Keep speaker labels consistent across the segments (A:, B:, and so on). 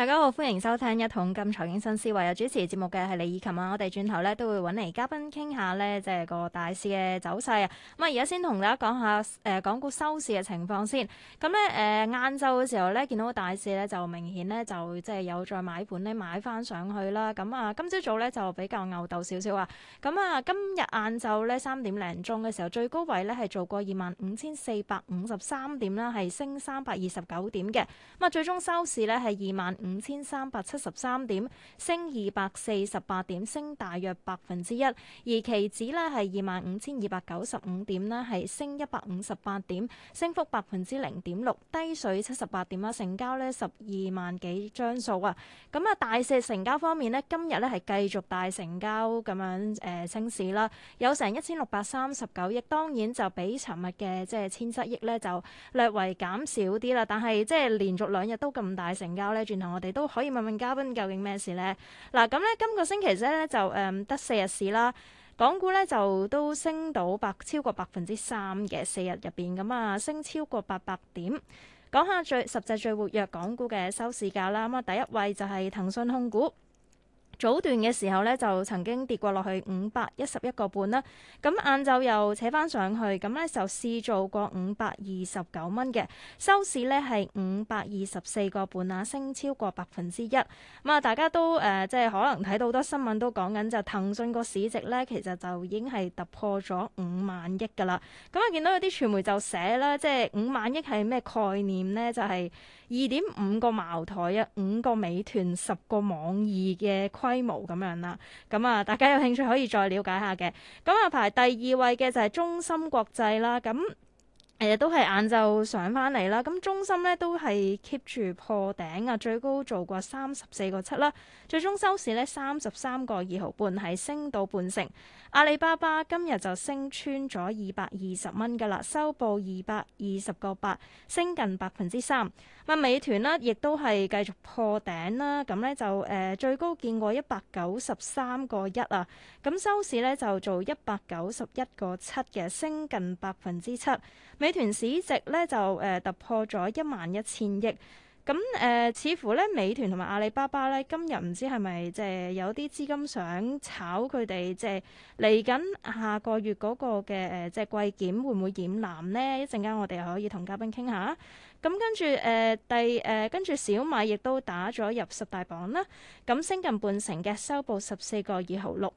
A: 大家好，歡迎收聽《一桶金財經新思維》。主持節目嘅係李以琴啊。我哋轉頭咧都會揾嚟嘉賓傾下咧，即係個大市嘅走勢啊。咁啊，而家先同大家講下誒港股收市嘅情況先。咁咧誒晏晝嘅時候咧，見到個大市咧就明顯咧就即係有再買盤咧買翻上去啦。咁、嗯、啊，今朝早咧就比較牛斗少少啊。咁、嗯、啊，今日晏晝咧三點零鐘嘅時候，最高位咧係做過二萬五千四百五十三點啦，係升三百二十九點嘅。咁、嗯、啊，最終收市咧係二萬五。五千三百七十三點，升二百四十八點，升大約百分之一。而期指咧係二萬五千二百九十五點咧，係升一百五十八點，升幅百分之零點六，低水七十八點啊。成交呢十二萬幾張數啊。咁啊，大市成交方面呢，今日呢係繼續大成交咁樣誒、呃，升市啦，有成一千六百三十九億，當然就比尋日嘅即係千七億呢就略為減少啲啦。但係即係連續兩日都咁大成交呢轉頭。我哋都可以問問嘉賓究竟咩事呢？嗱、啊，咁呢今個星期呢，就誒得、嗯、四日市啦，港股呢，就都升到百超過百分之三嘅四日入面咁啊，升超過八百點。講下最十隻最活躍港股嘅收市價啦，咁、嗯、啊第一位就係騰訊控股。早段嘅時候咧，就曾經跌過落去五百一十一個半啦。咁晏晝又扯翻上去，咁、嗯、咧就試做過五百二十九蚊嘅收市咧，係五百二十四個半啊，升超過百分之一。咁、嗯、啊，大家都誒、呃、即係可能睇到好多新聞都講緊就騰訊個市值咧，其實就已經係突破咗五萬億噶啦。咁、嗯、啊，見到有啲傳媒就寫啦，即係五萬億係咩概念咧？就係二點五個茅台啊，五個美團，十個網易嘅。規模咁樣啦，咁啊，大家有興趣可以再了解下嘅，咁啊排第二位嘅就係中芯國際啦，咁。誒都係晏晝上返嚟啦，咁中心呢都係 keep 住破頂啊，最高做過三十四個七啦，最終收市呢，三十三個二毫半，係升到半成。阿里巴巴今日就升穿咗二百二十蚊噶啦，收報二百二十個八，升近百分之三。啊，美團呢亦都係繼續破頂啦，咁呢就誒、呃、最高見過一百九十三個一啊，咁收市呢就做一百九十一個七嘅，升近百分之七。美團市值咧就誒、呃、突破咗一萬一千億，咁、嗯、誒、呃、似乎咧美團同埋阿里巴巴咧今日唔知係咪即係有啲資金想炒佢哋，即係嚟緊下個月嗰個嘅誒即係季檢會唔會染藍咧？一陣間我哋可以同嘉賓傾下。咁、嗯、跟住誒、呃、第誒、呃、跟住小米亦都打咗入十大榜啦，咁、嗯嗯嗯、升近半成嘅，收報十四個二毫六，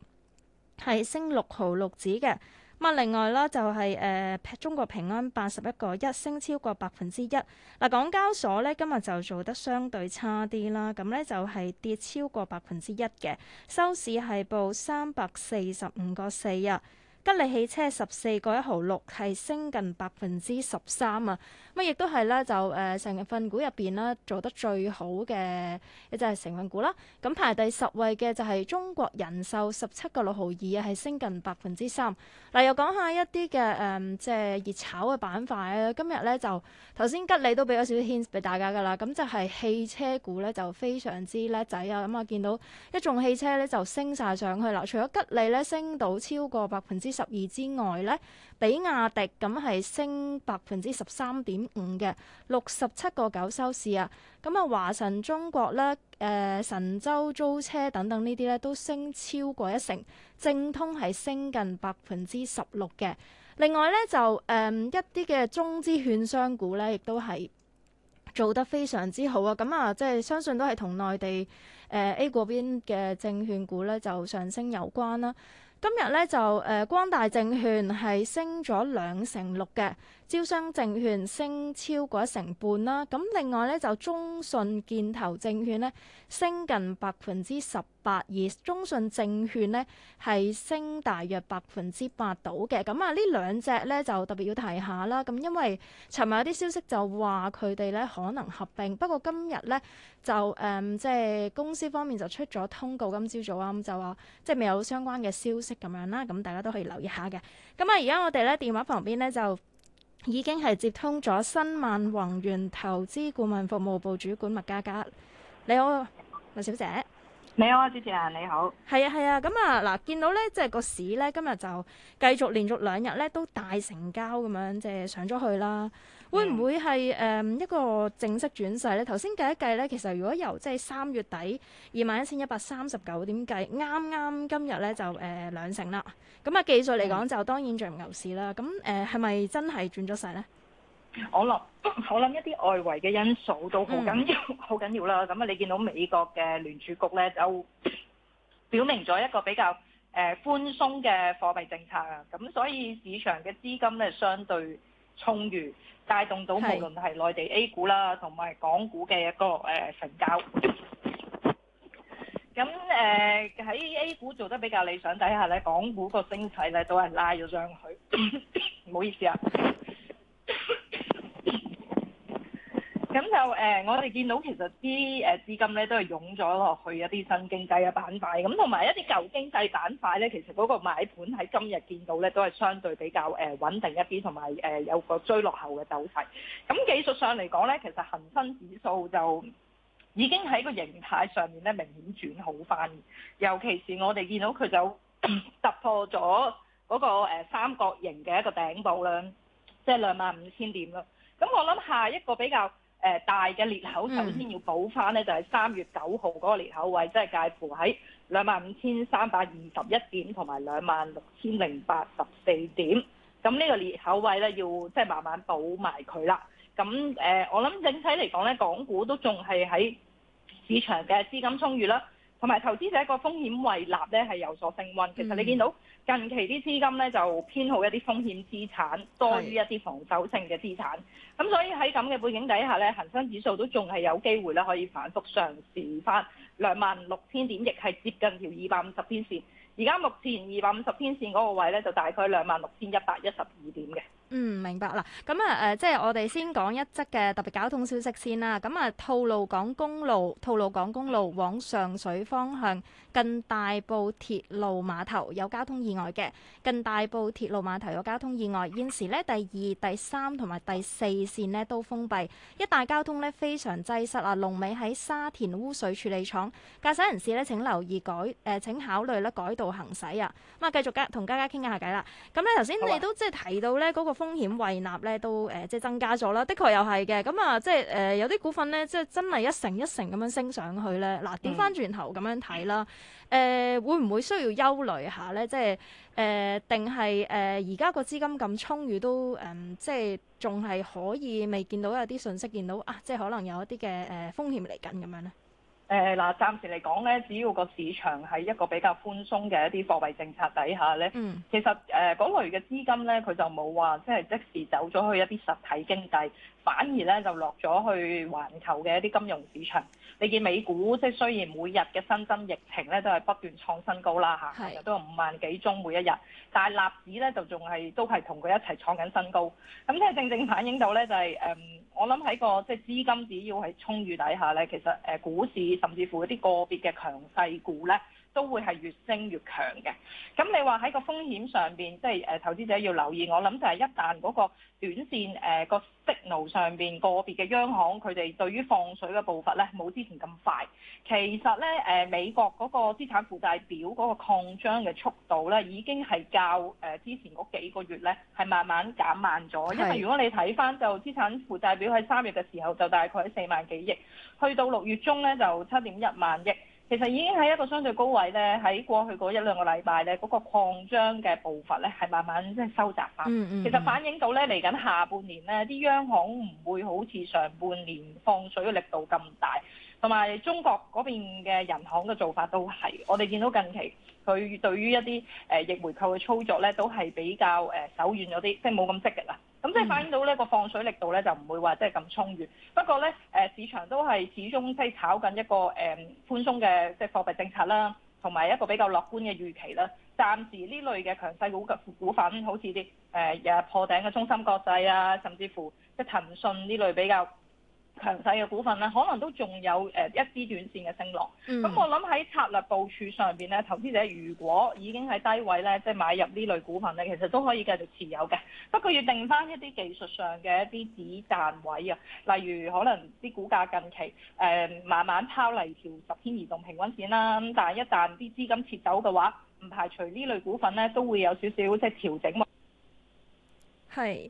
A: 係升六毫六指嘅。咁另外啦、就係，就係誒中國平安八十一個一，升超過百分之一。嗱、啊，港交所咧今日就做得相對差啲啦，咁咧就係跌超過百分之一嘅，收市係報三百四十五個四啊。吉利汽車十四個一毫六係升近百分之十三啊！咁亦都係咧就誒、呃、成份股入邊啦，做得最好嘅一隻成分股啦。咁排第十位嘅就係中國人壽十七個六毫二啊，係升近百分之三。嗱、呃，又講下一啲嘅誒即係熱炒嘅板塊啊。今日咧就頭先吉利都俾咗少少 hints 俾大家㗎啦。咁就係汽車股咧就非常之叻仔啊！咁、嗯、啊見到一眾汽車咧就升晒上去啦。除咗吉利咧升到超過百分之十二之外咧，比亞迪咁係升百分之十三點五嘅，六十七個九收市啊！咁啊，華晨中國咧、誒、呃、神州租車等等呢啲咧都升超過一成，正通係升近百分之十六嘅。另外咧就誒、呃、一啲嘅中資券商股咧，亦都係做得非常之好啊！咁啊，即、就、係、是、相信都係同內地誒、呃、A 嗰邊嘅證券股咧就上升有關啦、啊。今日咧就誒、呃、光大證券係升咗兩成六嘅。招商證券升超過一成半啦。咁另外咧就中信建投證券咧升近百分之十八，而中信證券咧係升大約百分之八到嘅。咁啊，呢兩隻咧就特別要提下啦。咁因為尋日有啲消息就話佢哋咧可能合併，不過今日咧就誒即係公司方面就出咗通告今。今朝早啊咁就話即係未有相關嘅消息咁樣啦。咁大家都可以留意下嘅。咁啊，而家我哋咧電話旁邊咧就。已經係接通咗新萬宏源投資顧問服務部主管麥嘉嘉。你好，麥小姐。你好，主持人你好。係啊，係啊，咁啊嗱，見到咧，即係個市咧，今日就繼續連續兩日咧都大成交咁樣，即係上咗去啦。會唔會係誒、嗯呃、一個正式轉勢咧？頭先計一計咧，其實如果由即係三月底二萬一千一百三十九點計，啱啱今日咧就誒、呃、兩成啦。咁啊，技術嚟講、嗯、就當然像牛市啦。咁誒，係、呃、咪真係轉咗勢咧？
B: 我諗，我諗一啲外圍嘅因素都好緊要，好緊要啦。咁啊，你見到美國嘅聯儲局咧，就表明咗一個比較誒、呃、寬鬆嘅貨幣政策啊。咁所以市場嘅資金咧，相對充裕，帶動到無論係內地 A 股啦，同埋港股嘅一個誒呃、成交。咁誒喺 A 股做得比較理想底下咧，港股個升勢咧都係拉咗上去。唔 好意思啊。咁就誒、呃，我哋見到其實啲誒資金咧都係湧咗落去一啲新經濟嘅板塊，咁同埋一啲舊經濟板塊咧，其實嗰個買盤喺今日見到咧都係相對比較誒穩定一啲，同埋誒有個追落後嘅走勢。咁技術上嚟講咧，其實恒生指數就已經喺個形態上面咧明顯轉好翻，尤其是我哋見到佢就 突破咗嗰個三角形嘅一個頂部啦，即係兩萬五千點啦。咁我諗下一個比較。誒、呃、大嘅裂口，首先要補翻咧，就係、是、三月九號嗰個裂口位，即係介乎喺兩萬五千三百二十一點同埋兩萬六千零八十四點。咁呢個裂口位咧，要即係慢慢補埋佢啦。咁誒、呃，我諗整體嚟講咧，港股都仲係喺市場嘅資金充裕啦，同埋投資者個風險胃納咧係有所升溫，其實你見到近期啲資金咧就偏好一啲風險資產多於一啲防守性嘅資產，咁是的 所以喺咁嘅背景底下咧，恒生指數都仲係有機會咧可以反覆上試翻兩萬六千點，亦係接近條二百五十天線。而家目前二百五十天線嗰個位咧就大概兩萬六千一百一十二點嘅。
A: 嗯，明白啦。咁啊，誒，即係我哋先講一則嘅特別交通消息先啦。咁、嗯、啊，吐露港公路，吐露港公路往上水方向。近大埔鐵路碼頭有交通意外嘅，近大埔鐵路碼頭有交通意外，現時咧第二、第三同埋第四線呢都封閉，一帶交通咧非常擠塞啊！龍尾喺沙田污水處理廠，駕駛人士咧請留意改，誒、呃、請考慮咧改道行駛啊！咁、嗯、啊，繼續加同嘉嘉傾下偈啦。咁咧頭先你都即係提到咧嗰、那個風險胃納咧都誒、呃、即係增加咗啦，的確又係嘅。咁啊、呃、即係誒、呃、有啲股份咧即係真係一成一成咁樣升上去咧，嗱調翻轉頭咁樣睇啦。嗯誒、呃、會唔會需要憂慮下呢？即係誒定係誒而家個資金咁充裕都誒、呃，即係仲係可以未見到有啲信息見到啊，即係可能有一啲嘅誒風險嚟緊咁樣呢，
B: 誒嗱、呃呃，暫時嚟講呢，只要個市場係一個比較寬鬆嘅一啲貨幣政策底下咧，嗯、其實誒嗰類嘅資金呢，佢就冇話即係即時走咗去一啲實體經濟。反而咧就落咗去環球嘅一啲金融市場，你見美股即係雖然每日嘅新增疫情咧都係不斷創新高啦嚇，成日是都有五萬幾宗每一日，但係納指咧就仲係都係同佢一齊創緊新高，咁即係正正反映到咧就係、是、誒、嗯，我諗喺個即係資金只要係充裕底下咧，其實誒股市甚至乎一啲個別嘅強勢股咧，都會係越升越強嘅。咁你話喺個風險上邊，即係誒投資者要留意，我諗就係一旦嗰個短線誒、呃、那個息口上邊個別嘅央行佢哋對於放水嘅步伐咧冇之前咁快。其實咧誒、呃、美國嗰個資產負債表嗰個擴張嘅速度咧已經係較誒之前嗰幾個月咧係慢慢減慢咗。是因為如果你睇返就資產負債表喺三月嘅時候就大概喺四萬幾億，去到六月中咧就七點一萬億。其實已經喺一個相對高位咧，喺過去嗰一兩個禮拜咧，嗰、那個擴張嘅步伐咧，係慢慢即係收窄翻。其實反映到咧，嚟緊下，下半年咧，啲央行唔會好似上半年放水嘅力度咁大，同埋中國嗰邊嘅人行嘅做法都係，我哋見到近期佢對於一啲誒逆回購嘅操作咧，都係比較誒、呃、手軟咗啲，即係冇咁積極啦。咁、嗯、即係反映到呢個放水力度咧就唔會話即係咁充裕，不過咧誒市場都係始終即係炒緊一個誒寬鬆嘅即係貨幣政策啦，同埋一個比較樂觀嘅預期啦。暫時呢類嘅強勢股股份，好似啲誒又破頂嘅中芯國際啊，甚至乎即係騰訊呢類比較強勢嘅股份咧，可能都仲有誒、呃、一啲短線嘅升浪。咁、嗯、我諗喺策略部署上邊咧，投資者如果已經喺低位咧，即係買入呢類股份咧，其實都可以繼續持有嘅。不過要定翻一啲技術上嘅一啲止賺位啊，例如可能啲股價近期誒、呃、慢慢拋離條十天移動平均線啦。咁但係一旦啲資金撤走嘅話，唔排除呢類股份咧都會有少少即係調整喎。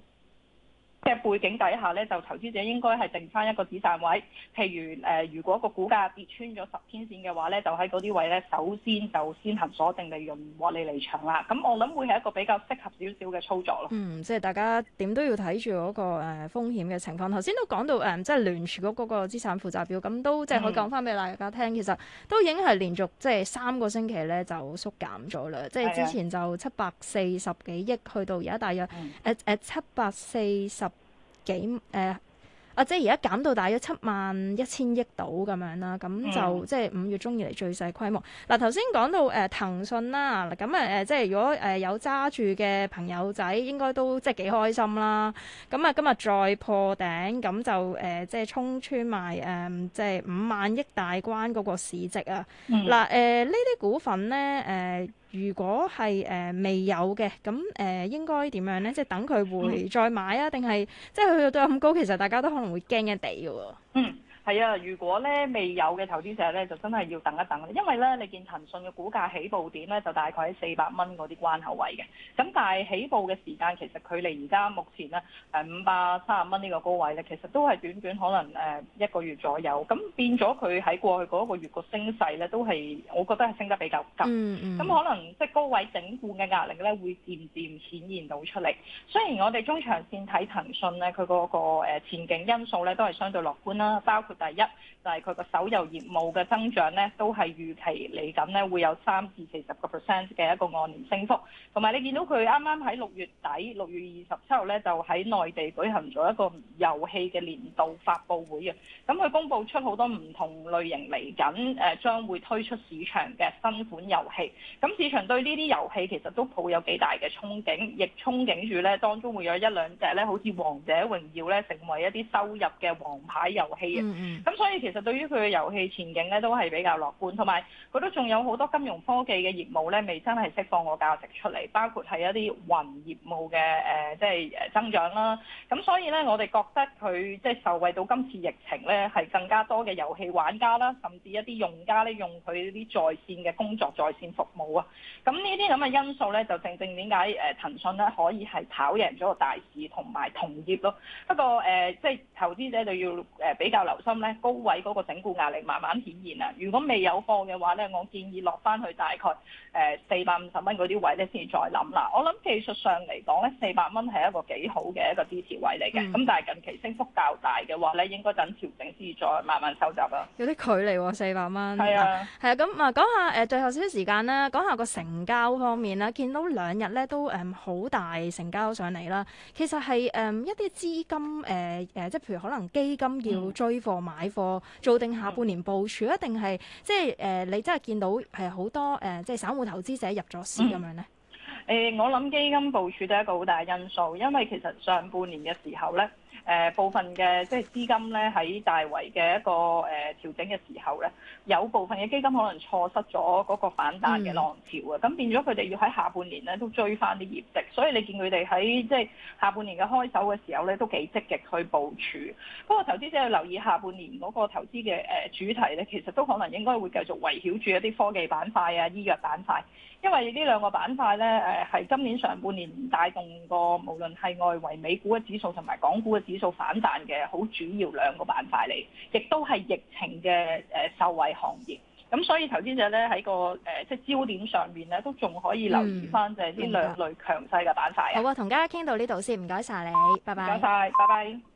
B: 背景底下咧，就投資者應該係定翻一個止賺位。譬如誒、呃，如果個股價跌穿咗十天線嘅話咧，就喺嗰啲位咧，首先就先行鎖定利用獲利離場啦。咁我諗會係一個比較適合少少嘅操作咯。嗯，
A: 即係大家點都要睇住嗰個誒、呃、風險嘅情況。頭先都講到誒、呃，即係聯儲局嗰個資產負債表，咁都即係可以講翻俾大家聽。嗯、其實都已經係連續即係三個星期咧就縮減咗啦。即係之前就七百四十幾億，去到而家大約誒誒七百四十。嗯嗯幾誒、呃、啊！即係而家減到大約七萬一千億到咁樣啦，咁就、嗯、即係五月中以嚟最細規模。嗱、啊，頭先講到誒、呃、騰訊啦，咁啊誒，即係如果誒、呃、有揸住嘅朋友仔，應該都即係幾開心啦。咁啊，今日再破頂，咁就誒、呃、即係衝穿埋誒、呃、即係五萬億大關嗰個市值啊。嗱誒、嗯，呢啲、啊呃、股份咧誒。呃如果係誒、呃、未有嘅，咁誒、呃、應該點樣咧？即係等佢會再買啊，定係即係去到咁高，其實大家都可能會驚驚哋喎。嗯。
B: 係啊，如果咧未有嘅投資者咧，就真係要等一等，因為咧你見騰訊嘅股價起步點咧，就大概喺四百蚊嗰啲關口位嘅。咁但係起步嘅時間，其實距離而家目前咧誒五百三十蚊呢個高位咧，其實都係短短可能誒一個月左右。咁變咗佢喺過去嗰個月個升勢咧，都係我覺得係升得比較急。咁、嗯嗯、可能即係高位整固嘅壓力咧，會漸漸顯現到出嚟。雖然我哋中長線睇騰訊咧，佢嗰個誒前景因素咧都係相對樂觀啦，包括。第一就係佢個手遊業務嘅增長咧，都係預期嚟緊咧會有三至四十個 percent 嘅一個按年升幅。同埋你見到佢啱啱喺六月底六月二十七號咧就喺內地舉行咗一個遊戲嘅年度發布會啊。咁佢公布出好多唔同類型嚟緊誒，將會推出市場嘅新款遊戲。咁市場對呢啲遊戲其實都抱有幾大嘅憧憬，亦憧憬住咧當中會有一兩隻咧好似《王者榮耀》咧成為一啲收入嘅王牌遊戲啊。Mm hmm. 咁、嗯、所以其實對於佢嘅遊戲前景咧，都係比較樂觀，同埋佢都仲有好多金融科技嘅業務咧，未真係釋放個價值出嚟，包括係一啲雲業務嘅誒、呃，即係誒增長啦。咁所以咧，我哋覺得佢即係受惠到今次疫情咧，係更加多嘅遊戲玩家啦，甚至一啲用家咧用佢啲在線嘅工作在線服務啊。咁呢啲咁嘅因素咧，就正正點解誒騰訊咧可以係跑贏咗個大市同埋同業咯。不過誒，即係投資者就要誒比較留心。高位嗰個整固壓力慢慢顯現啊！如果未有貨嘅話咧，我建議落翻去大概誒四百五十蚊嗰啲位咧先再諗啦。我諗技術上嚟講咧，四百蚊係一個幾好嘅一個支持位嚟嘅。咁、嗯、但係近期升幅較大嘅話咧，應該等調整先再慢慢收集啦。
A: 有啲距離喎，四百蚊。係啊，係啊，咁啊，啊講下誒最後少少時間啦，講下個成交方面啦，見到兩日咧都誒好、嗯、大成交上嚟啦。其實係誒、嗯、一啲資金誒誒、呃，即係譬如可能基金要追貨。嗯買貨做定下半年部署，一定係即係誒、呃，你真係見到係好多誒、呃，即係散戶投資者入咗市咁、嗯、樣呢。誒、呃，我諗基金部
B: 署都係一個好大嘅因素，因為其實上半年嘅時候呢。誒部分嘅即係資金咧，喺大圍嘅一個誒調整嘅時候咧，有部分嘅基金可能錯失咗嗰個反彈嘅浪潮啊。咁變咗佢哋要喺下半年咧都追翻啲業績，所以你見佢哋喺即係下半年嘅開首嘅時候咧，都幾積極去部署。不過投資者要留意下半年嗰個投資嘅誒主題咧，其實都可能應該會繼續圍繞住一啲科技板塊啊、醫藥板塊，因為呢兩個板塊咧誒係今年上半年帶動個無論係外圍美股嘅指數同埋港股嘅指。指數反彈嘅好主要兩個板塊嚟，亦都係疫情嘅誒受惠行業。咁所以投資者咧喺個誒、呃、即係焦點上面咧，都仲可以留意翻就係呢兩類強勢嘅板塊，嗯，好
A: 啊，同家傾到呢度先，唔該晒你，唔該晒，拜拜。唔該
B: 晒拜拜。